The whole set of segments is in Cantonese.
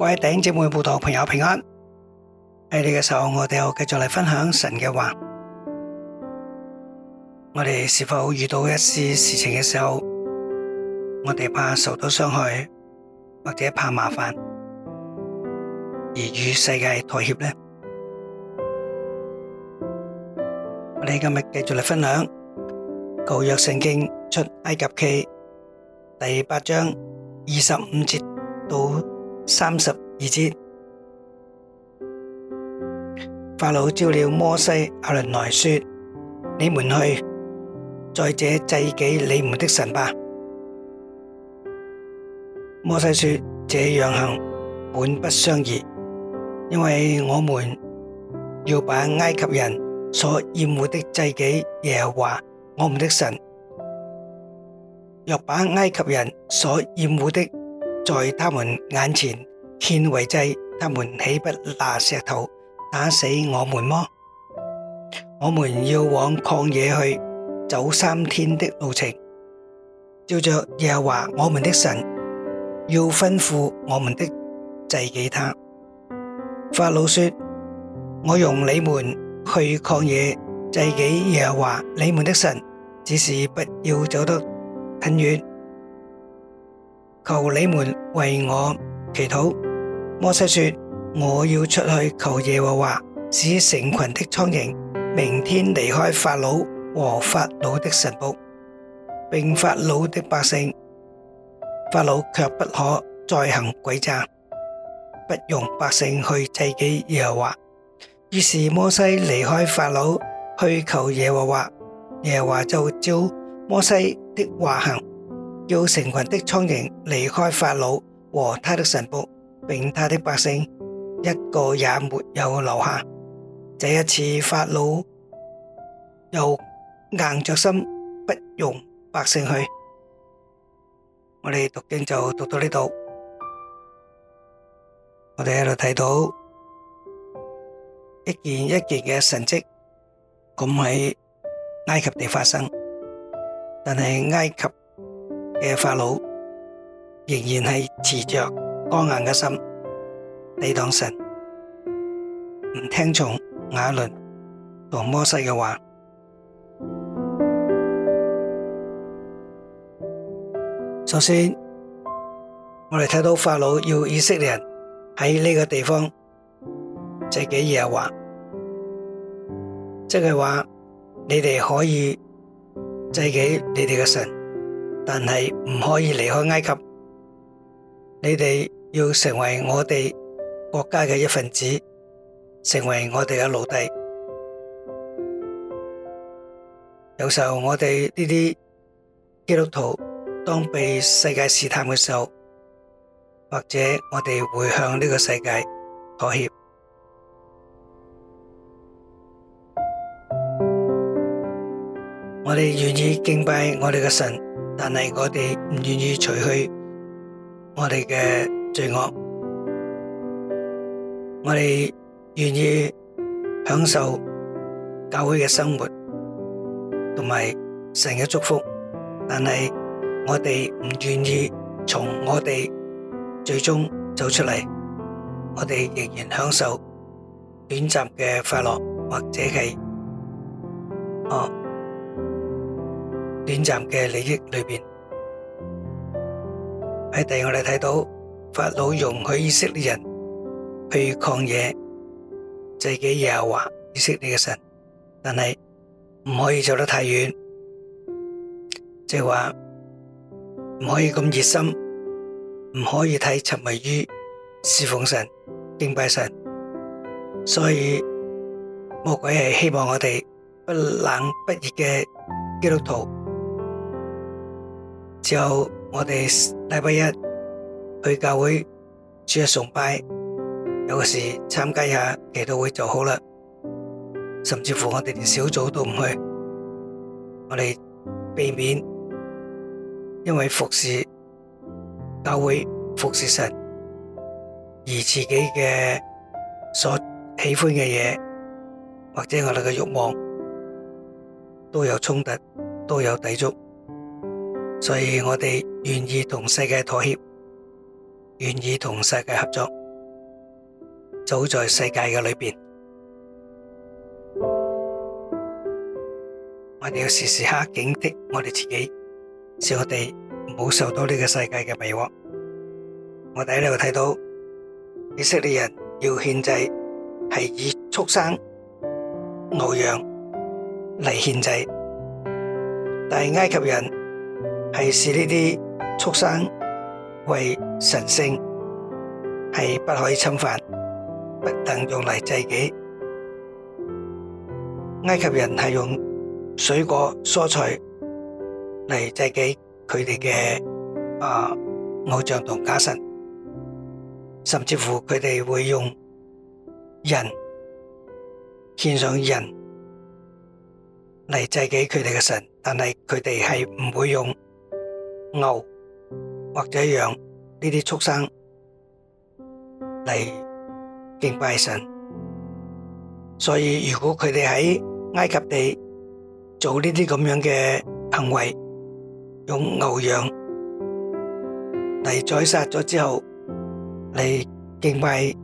各位弟兄姐妹、播道朋友平安，喺呢個時候，我哋又繼續嚟分享神嘅話。我哋是否遇到一啲事情嘅時候，我哋怕受到傷害，或者怕麻煩，而與世界妥協呢？我哋今日繼續嚟分享舊約聖經出埃及記第八章二十五節到三十二節，法老召了摩西、亞倫來說：你們去，在這祭祀你們的神吧。摩西說：這樣行，本不相宜，因為我們要把埃及人所厭惡的祭祀耶和華，我們的神，若把埃及人所厭惡的，在他們眼前獻為祭，他們豈不拿石頭打死我們麼？我們要往曠野去，走三天的路程。照着耶和華，我們的神要吩咐我們的祭祀他。法老說，我用你們去曠野祭祀，耶和華你們的神只是不要走得很遠。求你們為我祈禱。摩西說：我要出去求耶和華，使成群的蒼蠅明天離開法老和法老的臣僕，並法老的百姓。法老卻不可再行詭詐，不容百姓去祭己耶和華。於是摩西離開法老去求耶和華，耶和華就照摩西的話行。要成群的蒼蠅離開法老和他的神僕，並他的百姓一個也沒有留下。這一次法老又硬着心不容百姓去。我哋讀經就讀到呢度，我哋喺度睇到一件一件嘅神迹，咁喺埃及地發生，但係埃及。嘅法老仍然係持着剛硬嘅心抵擋神，唔聽從亞倫同摩西嘅話。首先，我哋睇到法老要以色列人喺呢個地方祭祀耶和華，即係話你哋可以祭祀你哋嘅神。但係唔可以離開埃及，你哋要成為我哋國家嘅一份子，成為我哋嘅奴隸。有時候，我哋呢啲基督徒當被世界試探嘅時候，或者我哋會向呢個世界妥協，我哋願意敬拜我哋嘅神。但係我哋唔願意除去我哋嘅罪惡，我哋願意享受教會嘅生活同埋神嘅祝福。但係我哋唔願意從我哋最終走出嚟，我哋仍然享受短暫嘅快樂或者係哦。短暫嘅利益裏邊，喺第二我哋睇到法老容許以色列人去抗嘢，自己也話以色列嘅神，但係唔可以走得太遠，即係話唔可以咁熱心，唔可以太沉迷於侍奉神，敬拜神，所以魔鬼係希望我哋不冷不熱嘅基督徒。之後我哋禮拜一去教會主日崇拜，有時參加下祈禱會就好啦。甚至乎我哋連小組都唔去，我哋避免因為服侍教會、服侍神，而自己嘅所喜歡嘅嘢，或者我哋嘅慾望都有衝突，都有抵觸。所以我哋願意同世界妥協，願意同世界合作，走在世界嘅裏邊。我哋要時時刻警惕我哋自己，使我哋唔好受到呢個世界嘅迷惑。我哋喺呢度睇到以色列人要獻祭，係以畜生、牛羊嚟獻祭，但埃及人。係視呢啲畜生為神聖，係不可以侵犯，不能用嚟祭祀。埃及人係用水果、蔬菜嚟祭祀佢哋嘅啊偶像同假神，甚至乎佢哋會用人獻上人嚟祭祀佢哋嘅神，但係佢哋係唔會用。牛或者羊呢啲畜生嚟敬拜神，所以如果佢哋喺埃及地做呢啲咁樣嘅行為，用牛羊嚟宰殺咗之後嚟敬拜，亦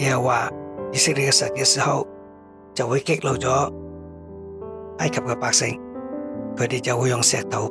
係話以色列嘅神嘅時候，就會激怒咗埃及嘅百姓，佢哋就會用石頭。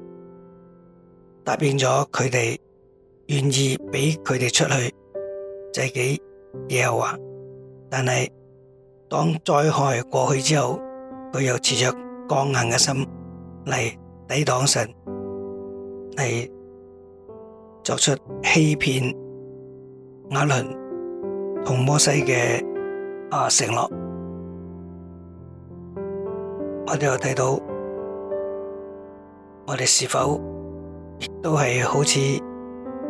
答應咗佢哋，願意畀佢哋出去，自己嘢又話，但係當災害過去之後，佢又持着剛硬嘅心嚟抵擋神，嚟作出欺騙亞倫同摩西嘅啊承諾，我哋又睇到我哋是否？都係好似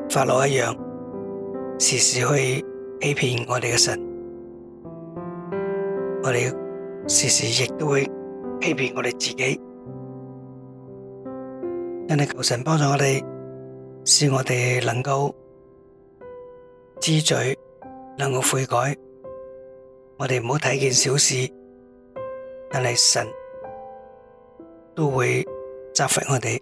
法老一樣，時時去欺騙我哋嘅神，我哋時時亦都會欺騙我哋自己。但係求神幫助我哋，使我哋能夠知罪，能夠悔改。我哋唔好睇件小事，但係神都會責罰我哋。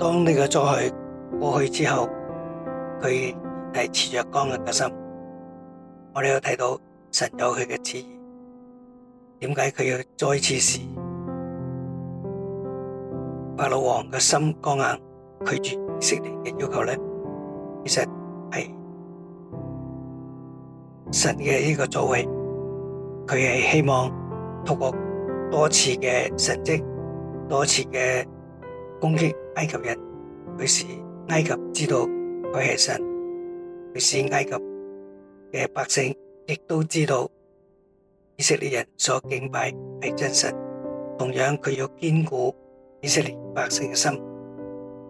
當呢個災禍過去之後，佢係持着剛硬嘅心。我哋有睇到神有佢嘅旨意，點解佢要再次試法老王嘅心剛硬，拒絕以色列嘅要求咧？其實係神嘅呢個作為，佢係希望透過多次嘅神蹟，多次嘅攻擊。埃及人佢使埃及知道佢係神，佢使埃及嘅百姓亦都知道以色列人所敬拜係真神。同樣佢要堅固以色列百姓嘅心，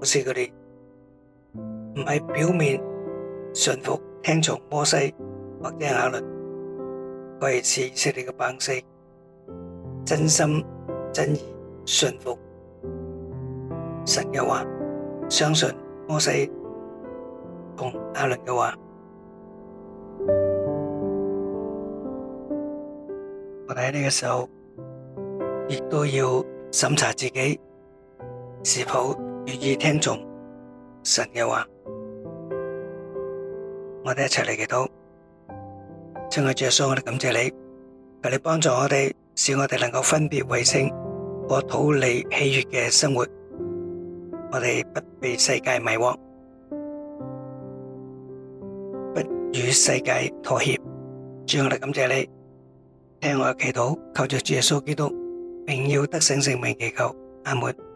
使佢哋唔係表面順服聽從摩西或者亞倫，佢係使以色列嘅百姓真心真意順服。神嘅話，相信摩西同亞倫嘅話，我哋喺呢個時候亦都要審查自己是否願意聽從神嘅話。我哋一齊嚟祈禱，親愛的耶穌，我哋感謝你，求你幫助我哋，使我哋能夠分別為聖，過討你喜悅嘅生活。我哋不被世界迷惑，不與世界妥協。主，我哋感謝你，聽我嘅祈禱，求着耶穌基督，榮耀得勝，聖名祈求。阿門。